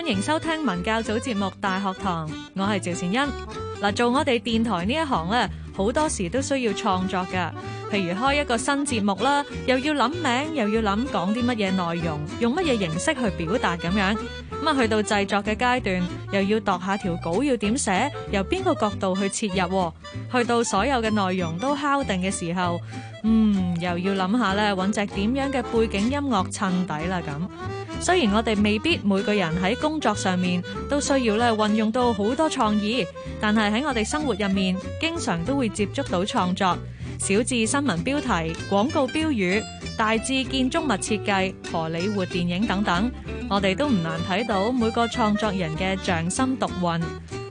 歡迎收聽文教組節目《大學堂》，我係趙善恩。嗱，做我哋電台呢一行咧，好多時都需要創作㗎。譬如開一個新節目啦，又要諗名，又要諗講啲乜嘢內容，用乜嘢形式去表達咁樣。咁啊，去到製作嘅階段，又要度下條稿要點寫，由邊個角度去切入。去到所有嘅內容都敲定嘅時候，嗯，又要諗下咧，搵隻點樣嘅背景音樂襯底啦咁。雖然我哋未必每個人喺工作上面都需要咧運用到好多創意，但係喺我哋生活入面，經常都會接觸到創作，小至新聞標題、廣告標語，大至建築物設計、荷里活電影等等，我哋都唔難睇到每個創作人嘅匠心獨運。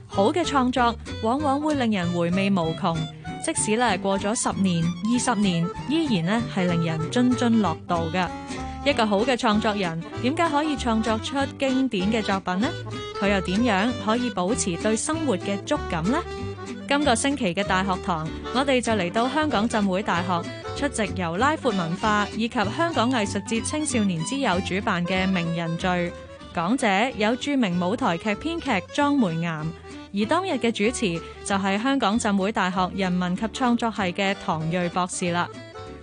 好嘅創作往往會令人回味無窮，即使咧過咗十年、二十年，依然咧係令人津津樂道嘅。一個好嘅創作人，點解可以創作出經典嘅作品呢？佢又點樣可以保持對生活嘅觸感呢？今個星期嘅大學堂，我哋就嚟到香港浸會大學出席由拉闊文化以及香港藝術節青少年之友主辦嘅名人聚。講者有著名舞台劇編劇莊梅岩，而當日嘅主持就係香港浸會大學人文及創作系嘅唐睿博士啦。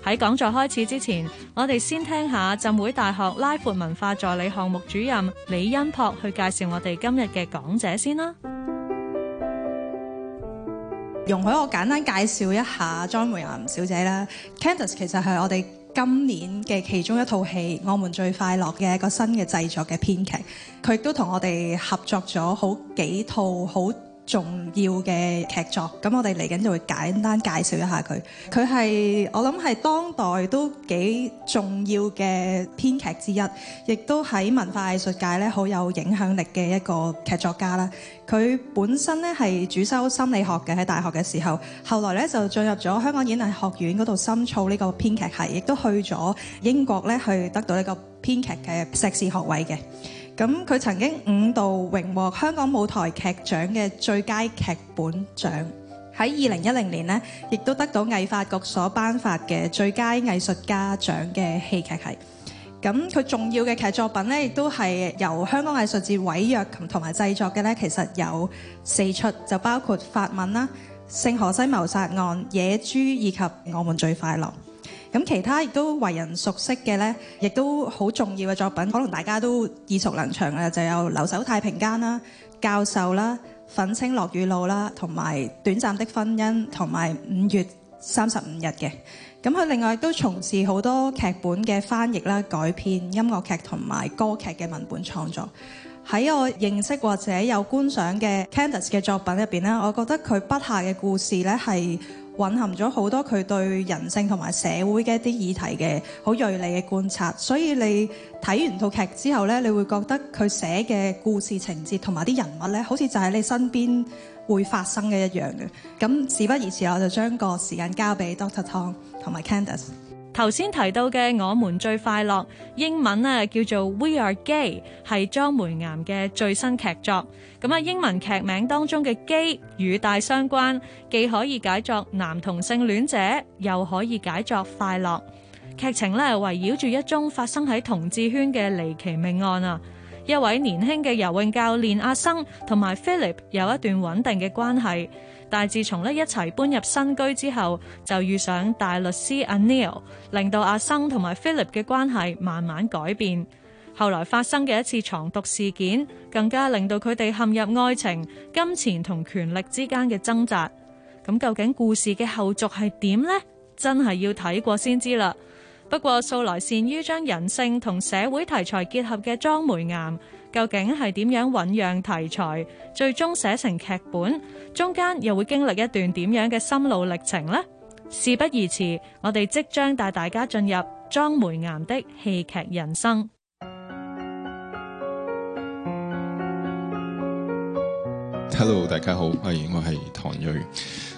喺講座開始之前，我哋先聽下浸會大學拉闊文化助理項目主任李恩柏去介紹我哋今日嘅講者先啦。容許我簡單介紹一下莊梅岩小姐啦。Candice 其實係我哋今年嘅其中一套戲《我們最快樂》嘅一個新嘅製作嘅編劇，佢亦都同我哋合作咗好幾套好重要嘅劇作，咁我哋嚟緊就會簡單介紹一下佢。佢係我諗係當代都幾重要嘅編劇之一，亦都喺文化藝術界咧好有影響力嘅一個劇作家啦。佢本身咧係主修心理學嘅喺大學嘅時候，後來咧就進入咗香港演藝學院嗰度深造呢個編劇系，亦都去咗英國咧去得到一個編劇嘅碩士學位嘅。咁佢曾經五度榮獲香港舞台劇獎嘅最佳劇本獎，喺二零一零年呢，亦都得到藝發局所頒發嘅最佳藝術家獎嘅戲劇獎。咁佢重要嘅劇作品呢，亦都係由香港藝術節委約同埋製作嘅呢，其實有四出，就包括《法文》啦、《聖何西謀殺案》、《野豬》以及《我們最快樂》。咁其他亦都為人熟悉嘅咧，亦都好重要嘅作品，可能大家都耳熟能詳嘅，就有《留守太平間》啦，《教授》啦，《粉青落雨路》啦，同埋《短暫的婚姻》，同埋《五月三十五日》嘅。咁佢另外亦都從事好多劇本嘅翻譯啦、改編音樂劇同埋歌劇嘅文本創作。喺我認識或者有觀賞嘅 Candace 嘅作品入面咧，我覺得佢筆下嘅故事咧係蘊含咗好多佢對人性同埋社會嘅一啲議題嘅好鋭利嘅觀察，所以你睇完套劇之後呢，你會覺得佢寫嘅故事情節同埋啲人物呢，好似就喺你身邊會發生嘅一樣嘅。咁事不宜遲，我就將個時間交俾 Doctor Tong 同埋 Candice。頭先提到嘅我們最快樂，英文咧叫做 We are gay，係莊梅岩嘅最新劇作。咁喺英文劇名當中嘅 gay 與大相關，既可以解作男同性戀者，又可以解作快樂。劇情咧係圍繞住一宗發生喺同志圈嘅離奇命案啊！一位年輕嘅游泳教練阿生同埋 Philip 有一段穩定嘅關係。但係自從呢一齊搬入新居之後，就遇上大律師阿 Neil，令到阿生同埋 Philip 嘅關係慢慢改變。後來發生嘅一次藏毒事件，更加令到佢哋陷入愛情、金錢同權力之間嘅掙扎。咁究竟故事嘅後續係點呢？真係要睇過先知啦。不過素來擅於將人性同社會題材結合嘅莊梅岩。究竟係點樣醞釀題材，最終寫成劇本，中間又會經歷一段點樣嘅心路歷程呢？事不宜遲，我哋即將帶大家進入莊梅岩的戲劇人生。Hello，大家好，歡迎我係唐睿。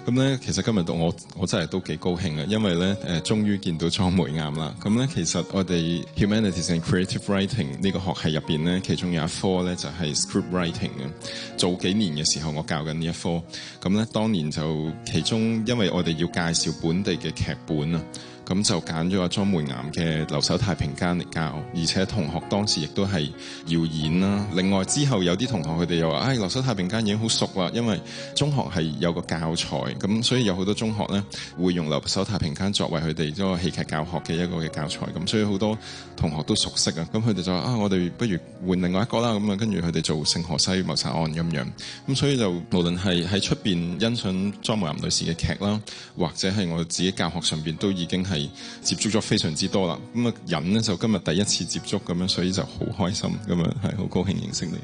咁咧，其實今日到我，我真係都幾高興呀，因為咧，誒、呃，終於見到莊梅岩啦。咁咧，其實我哋 Humanities and Creative Writing 呢個學系入邊咧，其中有一科咧就係、是、Script Writing 嘅。早幾年嘅時候我，我教緊呢一科。咁咧，當年就其中，因為我哋要介紹本地嘅劇本啊。咁就揀咗阿莊梅岩嘅《留守太平間》嚟教，而且同學當時亦都係要演啦。另外之後有啲同學佢哋又話：唉、哎，《留守太平間》已經好熟啦，因為中學係有個教材，咁所以有好多中學呢會用《留守太平間》作為佢哋嗰個戲劇教學嘅一個嘅教材。咁所以好多同學都熟悉啊。咁佢哋就話：啊，我哋不如換另外一個啦。咁啊，跟住佢哋做《聖荷西謀殺案》咁樣。咁所以就無論係喺出邊欣賞莊梅岩女士嘅劇啦，或者係我自己教學上邊都已經係，接觸咗非常之多啦，咁啊人咧就今日第一次接觸咁樣，所以就好開心咁樣，係好高興認識你。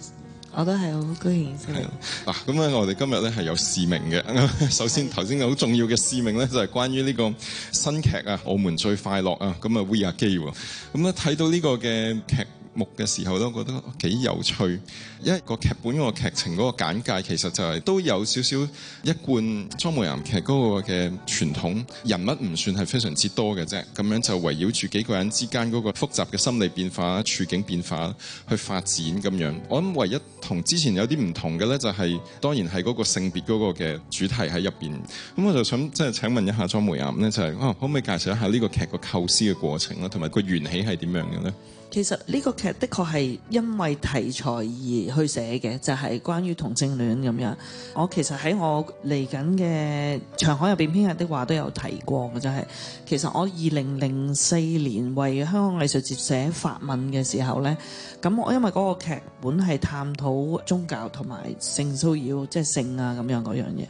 我都係好高興認識你。嗱，咁啊，我哋今日咧係有使命嘅。首先，頭先好重要嘅使命咧就係關於呢個新劇啊， 我們最快樂啊，咁啊 We are gay 喎。咁咧睇到呢個嘅劇。目嘅時候，都覺得幾有趣。一個劇本個劇情嗰個簡介，其實就係都有少少一貫莊梅岩劇嗰個嘅傳統。人物唔算係非常之多嘅啫，咁樣就圍繞住幾個人之間嗰個複雜嘅心理變化、處境變化去發展咁樣。我諗唯一同之前有啲唔同嘅呢、就係，就係當然係嗰個性別嗰個嘅主題喺入邊。咁我就想即係請問一下莊梅岩呢，就係、係啊、可唔可以介紹一下呢個劇個構思嘅過程啦，同埋個緣起係點樣嘅呢？其實呢個劇的確係因為題材而去寫嘅，就係、是、關於同性戀咁樣。我其實喺我嚟緊嘅長海入邊編劇的話都有提過嘅，就係、是、其實我二零零四年為香港藝術節寫法吻嘅時候呢，咁我因為嗰個劇本係探討宗教同埋性騷擾，即係性啊咁樣嗰樣嘢。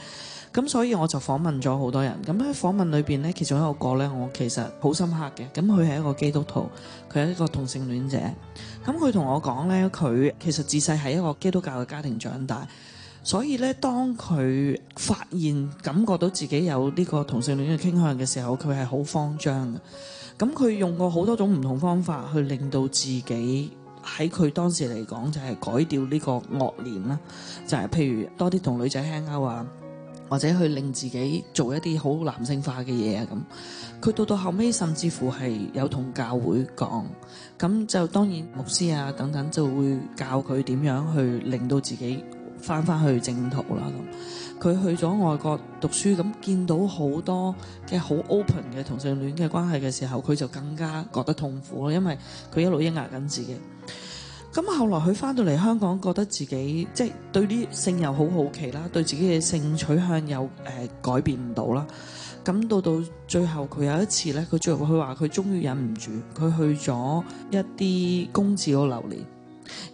咁所以我就訪問咗好多人。咁喺訪問裏邊咧，其中一個咧，我其實好深刻嘅。咁佢係一個基督徒，佢係一個同性戀者。咁佢同我講咧，佢其實自細喺一個基督教嘅家庭長大，所以咧，當佢發現感覺到自己有呢個同性戀嘅傾向嘅時候，佢係好慌張嘅。咁佢用過好多種唔同方法去令到自己喺佢當時嚟講就係改掉呢個惡念啦，就係譬如多啲同女仔 hang out 啊。或者去令自己做一啲好男性化嘅嘢啊咁，佢到到後尾甚至乎係有同教會講，咁就當然牧師啊等等就會教佢點樣去令到自己翻翻去正途啦咁。佢去咗外國讀書，咁，見到好多嘅好 open 嘅同性戀嘅關係嘅時候，佢就更加覺得痛苦咯，因為佢一路抑壓緊自己。咁後來佢翻到嚟香港，覺得自己即係、就是、對啲性又好好奇啦，對自己嘅性取向又誒、呃、改變唔到啦。咁到到最後，佢有一次咧，佢最後佢話佢終於忍唔住，佢去咗一啲公廁嗰度流連。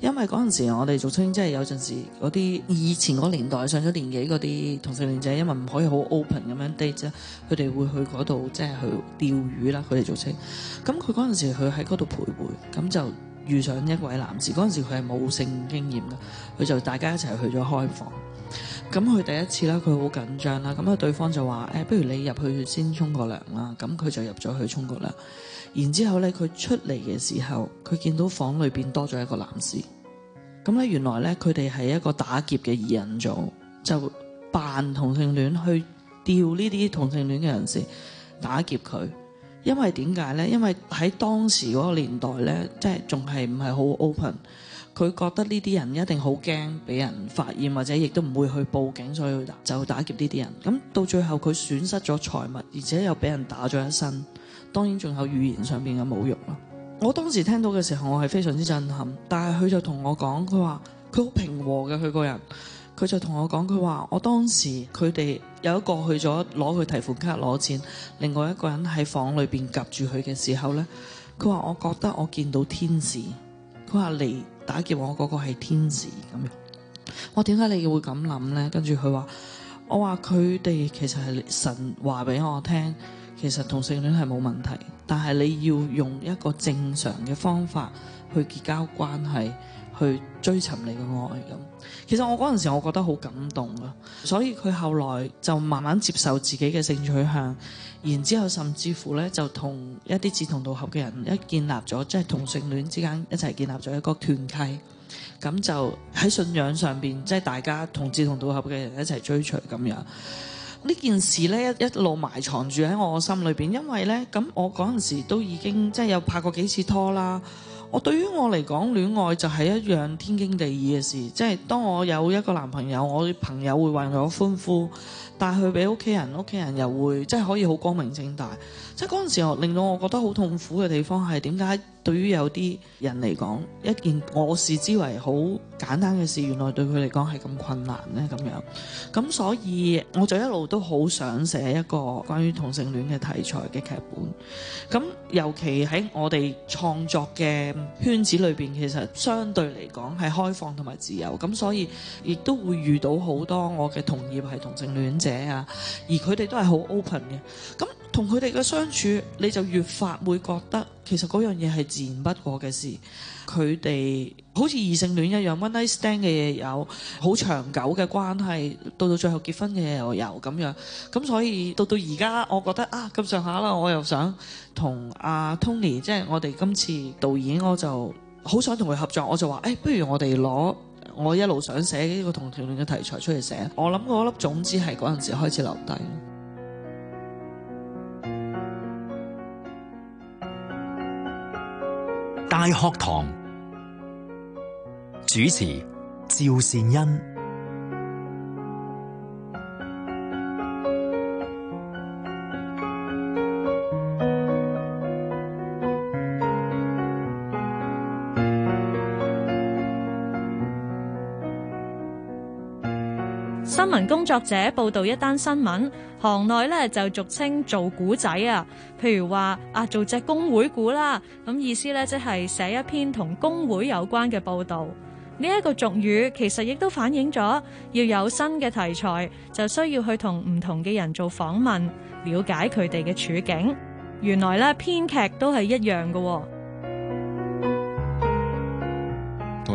因為嗰陣時我哋俗稱即係有陣時嗰啲以前嗰年代上咗年紀嗰啲同性戀者，因為唔可以好 open 咁樣 date，佢哋會去嗰度即係去釣魚啦。佢哋俗稱，咁佢嗰陣時佢喺嗰度徘徊，咁就。遇上一位男士，嗰陣時佢係冇性經驗嘅，佢就大家一齊去咗開房。咁佢第一次啦，佢好緊張啦。咁啊，對方就話，誒、欸，不如你入去先沖個涼啦。咁佢就入咗去沖個涼。然之後呢，佢出嚟嘅時候，佢見到房裏邊多咗一個男士。咁咧，原來呢，佢哋係一個打劫嘅二人組，就扮同性戀去釣呢啲同性戀嘅人士，打劫佢。因為點解呢？因為喺當時嗰個年代呢，即係仲係唔係好 open。佢覺得呢啲人一定好驚俾人發現，或者亦都唔會去報警，所以就打劫呢啲人。咁到最後佢損失咗財物，而且又俾人打咗一身，當然仲有語言上面嘅侮辱啦。我當時聽到嘅時候，我係非常之震撼。但係佢就同我講，佢話佢好平和嘅，佢個人。佢就同我講，佢話：我當時佢哋有一個去咗攞佢提款卡攞錢，另外一個人喺房裏邊夾住佢嘅時候呢，佢話：我覺得我見到天使，佢話你打劫我嗰個係天使咁樣。我點解你會咁諗呢？跟住佢話：我話佢哋其實係神話俾我聽，其實同性戀係冇問題，但係你要用一個正常嘅方法去結交關係。去追尋你嘅愛咁，其實我嗰陣時我覺得好感動啊，所以佢後來就慢慢接受自己嘅性取向，然之後甚至乎呢，就同一啲志同道合嘅人一建立咗，即係同性戀之間一齊建立咗一個團契，咁就喺信仰上邊即係大家同志同道合嘅人一齊追隨咁樣。呢件事呢，一路埋藏住喺我心裏邊，因為呢，咁我嗰陣時都已經即係有拍過幾次拖啦。對於我對於我嚟講，戀愛就係一樣天經地義嘅事。即係當我有一個男朋友，我的朋友會為我歡呼。但係佢俾屋企人，屋企人又會即係可以好光明正大。即係嗰陣時候令到我覺得好痛苦嘅地方，係點解對於有啲人嚟講，一件我視之為好簡單嘅事，原來對佢嚟講係咁困難咧咁樣。咁所以我就一路都好想寫一個關於同性戀嘅題材嘅劇本。咁尤其喺我哋創作嘅圈子裏邊，其實相對嚟講係開放同埋自由。咁所以亦都會遇到好多我嘅同業係同性戀者。嘅而佢哋都係好 open 嘅，咁同佢哋嘅相處，你就越發會覺得，其實嗰樣嘢係自然不過嘅事。佢哋好似異性戀一樣，one night stand 嘅嘢有，好長久嘅關係，到到最後結婚嘅又有咁樣。咁所以到到而家，我覺得啊咁上下啦，我又想同阿 Tony，即係我哋今次導演，我就好想同佢合作，我就話，誒、欸，不如我哋攞。我一路想寫呢個同性戀嘅題材出嚟，寫我諗嗰粒種子係嗰陣時開始留低。大學堂主持趙善恩。新聞工作者報道一單新聞，行內咧就俗稱做故仔啊。譬如話啊，做隻工會故啦，咁意思咧即係寫一篇同工會有關嘅報導。呢、這、一個俗語其實亦都反映咗要有新嘅題材，就需要去同唔同嘅人做訪問，了解佢哋嘅處境。原來咧編劇都係一樣嘅、哦。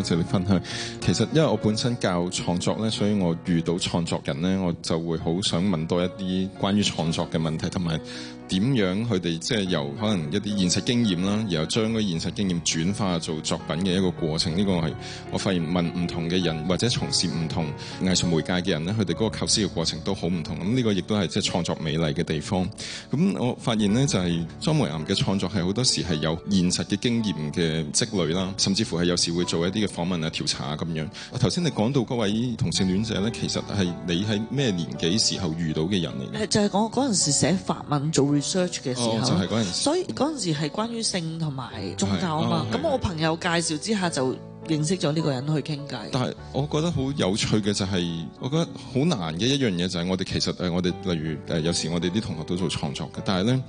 就嚟分享，其實因為我本身教創作咧，所以我遇到創作人咧，我就會好想問多一啲關於創作嘅問題，同埋，點樣佢哋即係由可能一啲現實經驗啦，然後將嗰現實經驗轉化做作品嘅一個過程？呢個係我發現問唔同嘅人或者從事唔同藝術媒介嘅人咧，佢哋嗰個構思嘅過程都好唔同。咁呢個亦都係即係創作美麗嘅地方。咁我發現呢，就係莊梅岩嘅創作係好多時係有現實嘅經驗嘅積累啦，甚至乎係有時會做一啲嘅訪問啊、調查啊咁樣。頭先你講到嗰位同性戀者呢，其實係你喺咩年紀時候遇到嘅人嚟？誒就係我嗰陣時寫法文做 research 嘅時候，哦，就係嗰陣時，所以嗰陣時係關於性同埋宗教啊嘛，咁我朋友介紹之下就。認識咗呢個人去傾偈，但係我覺得好有趣嘅就係，我覺得好難嘅一樣嘢就係，我哋其實誒，我哋例如誒，有時我哋啲同學都做創作嘅，但係咧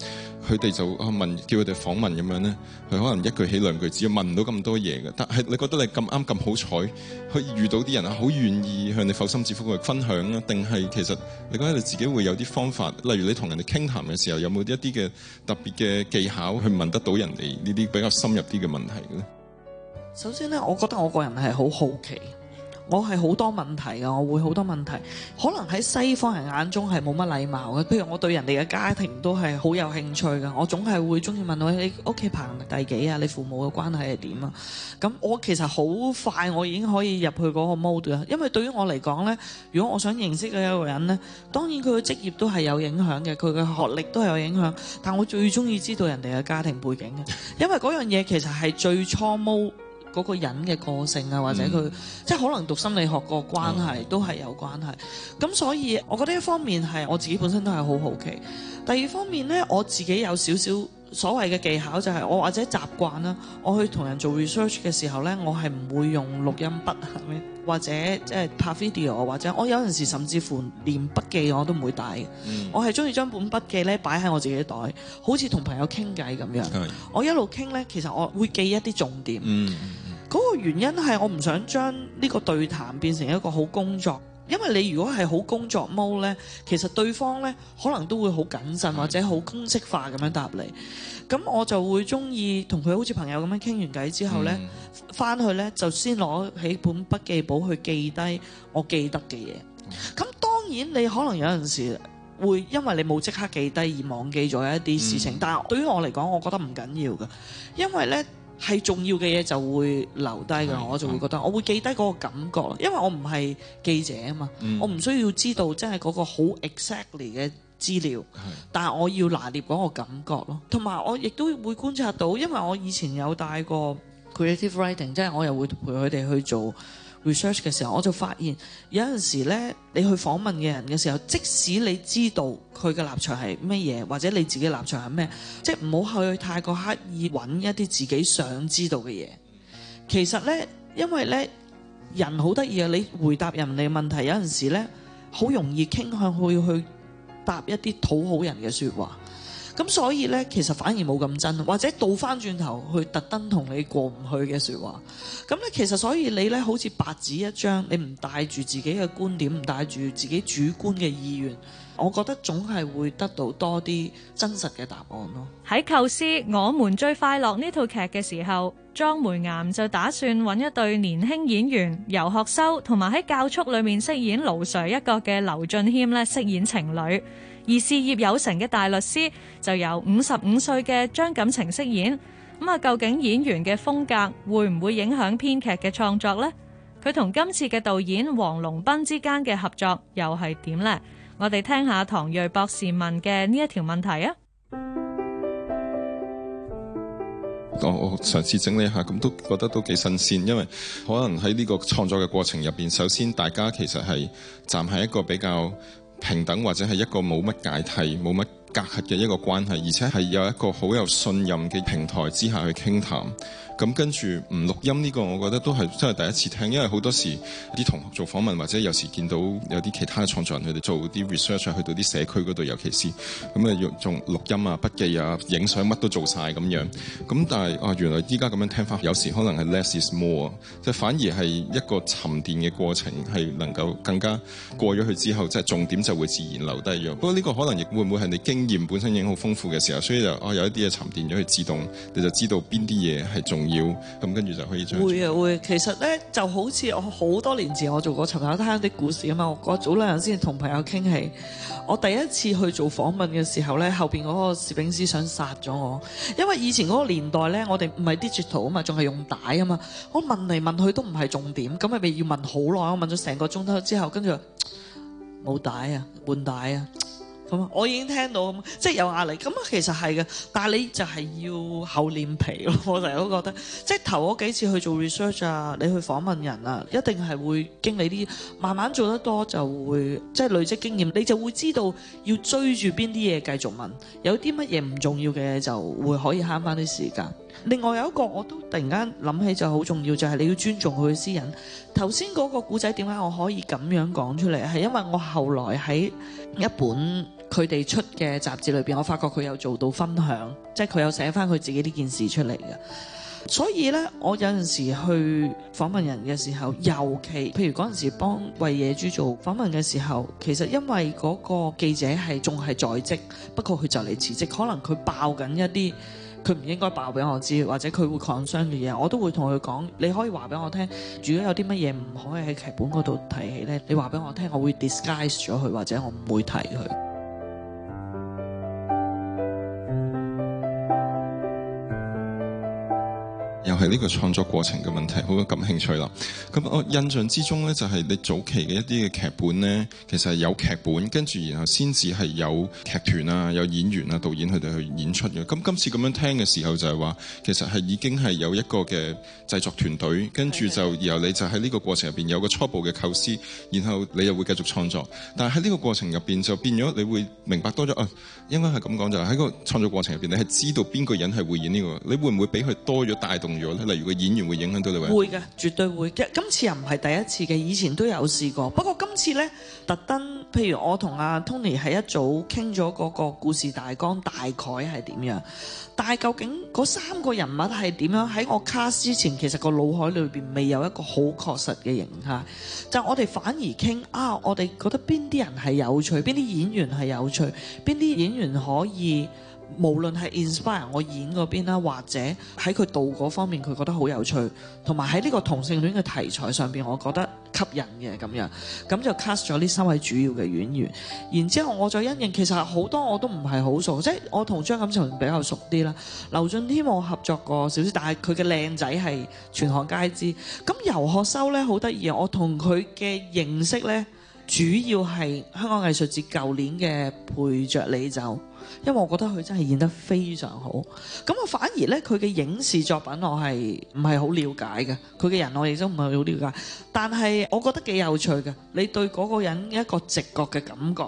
佢哋就問，叫佢哋訪問咁樣咧，佢可能一句起兩句止，問唔到咁多嘢嘅。但係你覺得你咁啱咁好彩，可以遇到啲人啊，好願意向你剖心置腹去分享啦，定係其實你覺得你自己會有啲方法，例如你同人哋傾談嘅時候，有冇一啲嘅特別嘅技巧去問得到人哋呢啲比較深入啲嘅問題咧？首先咧，我覺得我個人係好好奇，我係好多問題嘅，我會好多問題。可能喺西方人眼中係冇乜禮貌嘅，譬如我對人哋嘅家庭都係好有興趣嘅，我總係會中意問我你屋企排第幾啊？你父母嘅關係係點啊？咁我其實好快，我已經可以入去嗰個 mode 啦。因為對於我嚟講呢，如果我想認識嘅一個人呢，當然佢嘅職業都係有影響嘅，佢嘅學歷都係有影響，但我最中意知道人哋嘅家庭背景嘅，因為嗰樣嘢其實係最初 mode。嗰個人嘅個性啊，或者佢、嗯、即係可能讀心理學個關係、嗯、都係有關係。咁所以，我覺得一方面係我自己本身都係好好奇。第二方面呢，我自己有少少所謂嘅技巧，就係、是、我或者習慣啦，我去同人做 research 嘅時候呢，我係唔會用錄音筆或者即係拍 video 或者我有陣時甚至乎連筆記我都唔會帶、嗯、我係中意將本筆記呢擺喺我自己袋，好似同朋友傾偈咁樣。嗯、我一路傾呢，其實我會記一啲重點。嗯嗰個原因係我唔想將呢個對談變成一個好工作，因為你如果係好工作 mode 咧，其實對方咧可能都會好謹慎或者好公式化咁樣答你。咁是的 我就會中意同佢好似朋友咁樣傾完偈之後咧，翻是的 去咧就先攞起本筆記簿去記低我記得嘅嘢。咁當然你可能有陣時會因為你冇即刻記低而忘記咗一啲事情，是的 但係對於我嚟講，我覺得唔緊要㗎，因為咧，係重要嘅嘢就會留低㗎，的我就會覺得我會記低嗰個感覺，因為我唔係記者啊嘛，嗯、我唔需要知道真係嗰個好 exactly 嘅資料，的但係我要拿捏嗰個感覺咯。同埋我亦都會觀察到，因為我以前有帶過 creative writing，即係我又會陪佢哋去做。research 嘅時候，我就發現有陣時咧，你去訪問嘅人嘅時候，即使你知道佢嘅立場係乜嘢，或者你自己立場係咩，即係唔好去太過刻意揾一啲自己想知道嘅嘢。其實咧，因為咧人好得意啊，你回答人哋問題，有陣時咧好容易傾向去去答一啲討好人嘅說話。咁所以呢，其實反而冇咁真，或者倒翻轉頭去特登同你過唔去嘅説話。咁咧，其實所以你咧，好似白紙一張，你唔帶住自己嘅觀點，唔帶住自己主觀嘅意願，我覺得總係會得到多啲真實嘅答案咯。喺構思《我們最快樂》呢套劇嘅時候，莊梅岩就打算揾一對年輕演員遊學修同埋喺教束裏面飾演盧 sir 一角嘅劉俊謙咧飾演情侶。而事業有成嘅大律師就由五十五歲嘅張錦程飾演。咁啊，究竟演員嘅風格會唔會影響編劇嘅創作呢？佢同今次嘅導演黃龍斌之間嘅合作又係點呢？我哋聽下唐睿博士問嘅呢一條問題啊！我我嘗試整理一下，咁都覺得都幾新鮮，因為可能喺呢個創作嘅過程入邊，首先大家其實係站喺一個比較平等或者係一個冇乜解題冇乜。隔閡嘅一個關係，而且係有一個好有信任嘅平台之下去傾談，談。咁跟住唔錄音呢個我覺得都係真係第一次聽，因為好多時啲同學做訪問或者有時見到有啲其他嘅創作人佢哋做啲 research 去到啲社區度，尤其是咁啊，用仲錄音啊、筆記啊、影相乜都做晒咁樣。咁但係啊，原來依家咁樣聽翻，有時可能係 less is more，即反而係一個沉澱嘅過程，係能夠更加過咗去之後，即係重點就會自然留低咗。不過呢個可能亦會唔會係你經。鹽本身已經好豐富嘅時候，所以就哦有一啲嘢沉澱咗，去自動你就知道邊啲嘢係重要，咁跟住就可以將會啊會，其實咧就好似我好多年前我做過尋找他鄉的故事啊嘛，我早兩日先同朋友傾起，我第一次去做訪問嘅時候咧，後邊嗰個攝影師想殺咗我，因為以前嗰個年代咧，我哋唔係 Digital 啊嘛，仲係用帶啊嘛，我問嚟問去都唔係重點，咁咪要問好耐，我問咗成個鐘頭之後，跟住冇帶啊，換帶啊。我已經聽到，即係有壓力。咁啊，其實係嘅，但係你就係要厚臉皮咯。我成日都覺得，即係頭嗰幾次去做 research 啊，你去訪問人啊，一定係會經歷啲。慢慢做得多就會即係累積經驗，你就會知道要追住邊啲嘢繼續問，有啲乜嘢唔重要嘅就會可以慳翻啲時間。另外有一個我都突然間諗起就好重要，就係你要尊重佢嘅私隱。頭先嗰個古仔點解我可以咁樣講出嚟，係因為我後來喺一本佢哋出嘅雜誌裏邊，我發覺佢有做到分享，即係佢有寫翻佢自己呢件事出嚟嘅。所以呢，我有陣時去訪問人嘅時候，尤其譬如嗰陣時幫為野豬做訪問嘅時候，其實因為嗰個記者係仲係在職，不過佢就嚟辭職，可能佢爆緊一啲。佢唔應該爆俾我知，或者佢會擴張啲嘢，我都會同佢講。你可以話俾我聽，如果有啲乜嘢唔可以喺劇本嗰度提起咧，你話俾我聽，我會 disguise 咗佢，或者我唔會提佢。係呢個創作過程嘅問題，好感興趣啦。咁我印象之中呢，就係你早期嘅一啲嘅劇本呢，其實係有劇本，跟住然後先至係有劇團啊、有演員啊、導演佢哋去演出嘅。咁今次咁樣聽嘅時候，就係話其實係已經係有一個嘅製作團隊，跟住就然後你就喺呢個過程入邊有個初步嘅構思，然後你又會繼續創作。但係喺呢個過程入邊就變咗，你會明白多咗啊！應該係咁講就係喺個創作過程入邊，你係知道邊個人係會演呢個，你會唔會俾佢多咗帶動咗？例如個演員會影響到你，會嘅，絕對會嘅。今次又唔係第一次嘅，以前都有試過。不過今次呢，特登，譬如我同阿 Tony 係一早傾咗嗰個故事大綱，大概係點樣？但係究竟嗰三個人物係點樣？喺我卡之前，其實個腦海裏邊未有一個好確實嘅形象。就係，我哋反而傾啊，我哋覺得邊啲人係有趣，邊啲演員係有趣，邊啲演員可以。無論係 inspire 我演嗰邊啦，或者喺佢導嗰方面，佢覺得好有趣，同埋喺呢個同性戀嘅題材上邊，我覺得吸引嘅咁樣，咁就 cast 咗呢三位主要嘅演員。然之後我再因應，其實好多我都唔係好熟，即係我同張錦成比較熟啲啦。劉俊謙我合作過少少，但係佢嘅靚仔係全行皆知。咁遊學修呢，好得意，我同佢嘅認識呢。主要係香港藝術節舊年嘅陪著你走，因為我覺得佢真係演得非常好。咁啊，反而咧佢嘅影視作品我係唔係好瞭解嘅，佢嘅人我亦都唔係好瞭解。但係我覺得幾有趣嘅，你對嗰個人一個直覺嘅感覺，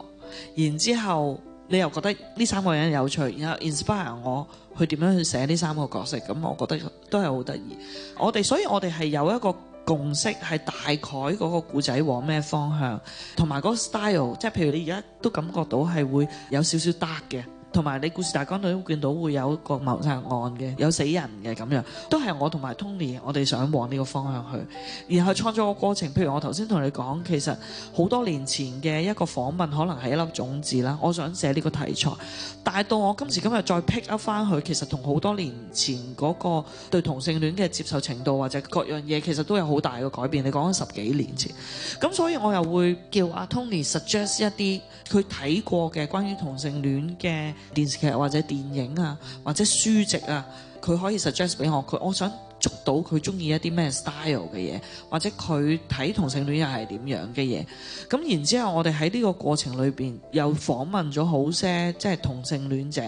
然之後你又覺得呢三個人有趣，然後 inspire 我去點樣去寫呢三個角色，咁我覺得都係好得意。我哋所以我哋係有一個共識係大概嗰個故仔往咩方向，同埋嗰個 style，即係譬如你而家都感覺到係會有少少 dark 嘅。同埋你故事大綱度都見到會有個謀殺案嘅，有死人嘅咁樣，都係我同埋 Tony 我哋想往呢個方向去。然後創作個過程，譬如我頭先同你講，其實好多年前嘅一個訪問可能係一粒種子啦，我想寫呢個題材，但係到我今時今日再 pick up 翻佢，其實同好多年前嗰個對同性戀嘅接受程度或者各樣嘢，其實都有好大嘅改變。你講緊十幾年前，咁所以我又會叫阿 Tony suggest 一啲佢睇過嘅關於同性戀嘅。電視劇或者電影啊，或者書籍啊，佢可以 suggest 俾我，佢我想捉到佢中意一啲咩 style 嘅嘢，或者佢睇同性戀又係點樣嘅嘢。咁然之後，我哋喺呢個過程裏邊又訪問咗好些，即係同性戀者，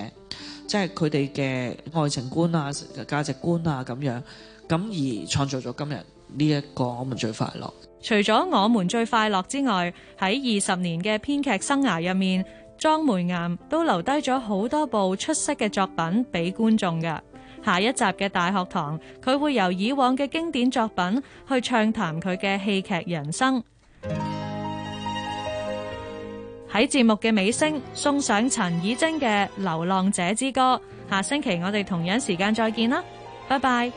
即係佢哋嘅愛情觀啊、價值觀啊咁樣，咁而創造咗今日呢一個我，我們最快樂。除咗我們最快樂之外，喺二十年嘅編劇生涯入面。莊梅岩都留低咗好多部出色嘅作品俾觀眾㗎。下一集嘅大學堂，佢會由以往嘅經典作品去暢談佢嘅戲劇人生。喺節目嘅尾聲，送上陳綺貞嘅《流浪者之歌》。下星期我哋同樣時間再見啦，拜拜。